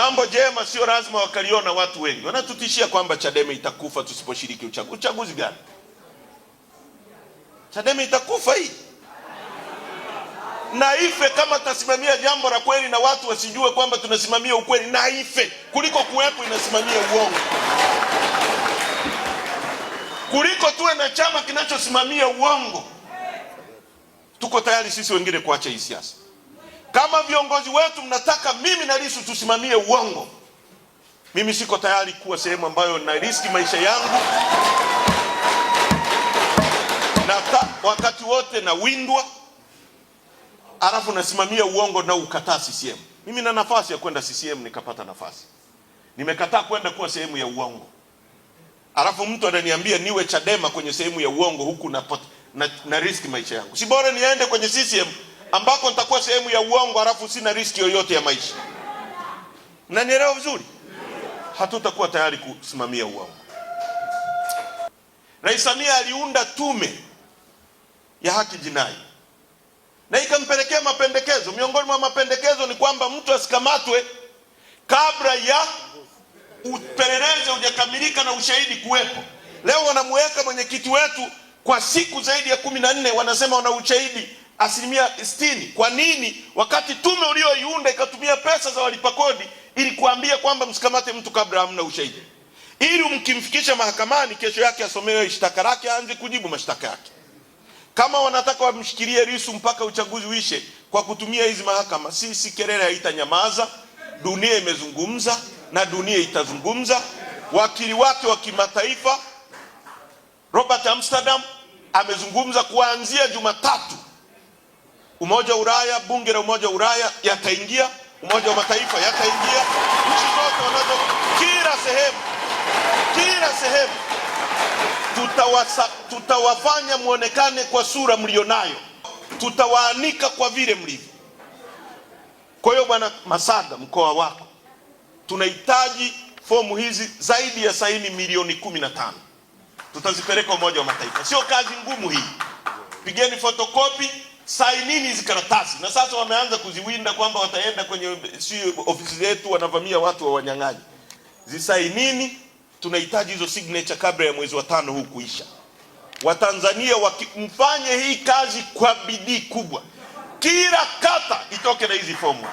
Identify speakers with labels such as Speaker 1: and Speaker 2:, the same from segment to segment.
Speaker 1: Jambo jema sio lazima wakaliona watu wengi. Wanatutishia kwamba Chadema itakufa tusiposhiriki uchaguzi. Uchaguzi gani? Chadema itakufa hii na ife kama tasimamia jambo la kweli na watu wasijue kwamba tunasimamia ukweli, na ife kuliko kuwepo inasimamia uongo, kuliko tuwe na chama kinachosimamia uongo. Tuko tayari sisi wengine kuacha hii siasa. Kama viongozi wetu mnataka mimi na Lissu tusimamie uongo, mimi siko tayari kuwa sehemu ambayo na riski maisha yangu na wakati wote nawindwa, alafu nasimamia uongo na ukataa CCM. Mimi na nafasi ya kwenda CCM, nikapata nafasi, nimekataa kwenda kuwa sehemu ya uongo, alafu mtu ananiambia niwe Chadema kwenye sehemu ya uongo, huku na, na, na riski maisha yangu. Si bora niende kwenye CCM ambako nitakuwa sehemu ya uongo alafu sina riski yoyote ya maisha. Nanielewa vizuri? Hatutakuwa tayari kusimamia uongo. Rais Samia aliunda tume ya haki jinai na ikampelekea mapendekezo. Miongoni mwa mapendekezo ni kwamba mtu asikamatwe kabla ya upelelezi hujakamilika na ushahidi kuwepo. Leo wanamuweka mwenyekiti wetu kwa siku zaidi ya kumi na nne, wanasema wana ushahidi asilimia sitini. Kwa nini? Wakati tume ulioiunda ikatumia pesa za walipa kodi ili kuambia kwamba msikamate mtu kabla hamna ushahidi, ili mkimfikisha mahakamani kesho yake asomewe shtaka lake, aanze kujibu mashtaka yake. Kama wanataka wamshikilie Lissu mpaka uchaguzi uishe kwa kutumia hizi mahakama, sisi kelele haitanyamaza. Dunia imezungumza na dunia itazungumza. Wakili wake wa kimataifa Robert Amsterdam amezungumza kuanzia Jumatatu Umoja wa Ulaya, bunge la Umoja wa Ulaya yataingia, Umoja wa Mataifa yataingia, nchi zote wanazo, kila sehemu, kila sehemu tutawasa, tutawafanya muonekane kwa sura mlionayo, tutawaanika kwa vile mlivyo. Kwa hiyo bwana Masada, mkoa wako tunahitaji fomu hizi zaidi ya saini milioni kumi na tano tutazipeleka Umoja wa Mataifa. Sio kazi ngumu hii, pigeni fotokopi sainini hizi karatasi, na sasa wameanza kuziwinda kwamba wataenda kwenye si ofisi zetu, wanavamia watu wa wanyang'anyi. Zisainini, tunahitaji hizo signature kabla ya mwezi wa tano huu kuisha. Watanzania wakimfanye hii kazi kwa bidii kubwa, kila kata itoke na hizi fomu.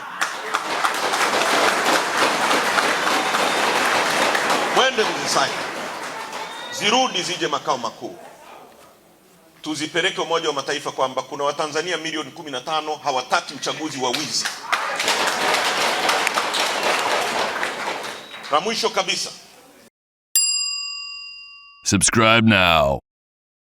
Speaker 1: Mwende kuzisaini, zirudi zije makao makuu tuzipeleke Umoja wa Mataifa kwamba kuna Watanzania milioni 15 hawataki uchaguzi wa wizi. Na mwisho kabisa. Subscribe now.